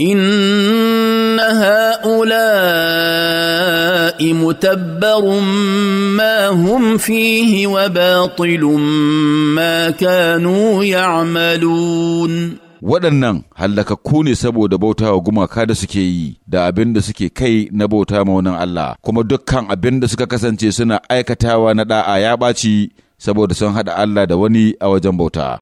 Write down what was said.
إن هؤلاء متبر ما هم فيه وباطل ما كانوا يعملون waɗannan hallakakku ne saboda bauta wa gumaka da suke yi da abin da suke kai na bauta maunin Allah kuma dukkan abin da suka kasance suna aikatawa na ɗa'a ya ɓaci saboda sun haɗa Allah da wani a wajen bauta